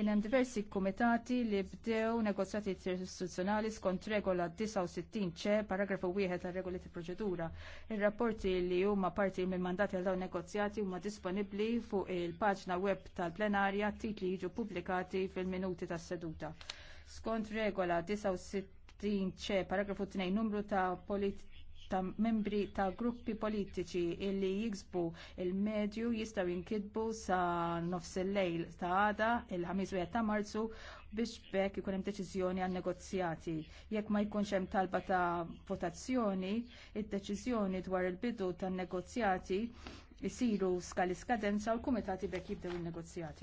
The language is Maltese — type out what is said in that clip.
Kien hemm diversi kumitati li bdew negozjati istituzzjonali skont regola 69 ċe paragrafu wieħed tar regoli ta' proċedura. Ir-rapporti li huma parti minn mandati għal dawn negozjati huma disponibbli fuq il-paġna web tal-plenarja titli jiġu publikati fil-minuti tas-seduta. Skont regola 69 ċe paragrafu 2 numru ta' polit ta' membri ta' gruppi politiċi illi jiksbu il-medju jistgħu jinkitbu sa' nofs il-lejl ta' għada il-ħamis ta' marzu biex bekk ikun hemm deċiżjoni għan negozjati. Jekk ma jkunx hemm talba ta' votazzjoni, id-deċiżjoni dwar il-bidu tan negozjati jisiru skali skadenza u l-kumitati bekk jibdew in negozjati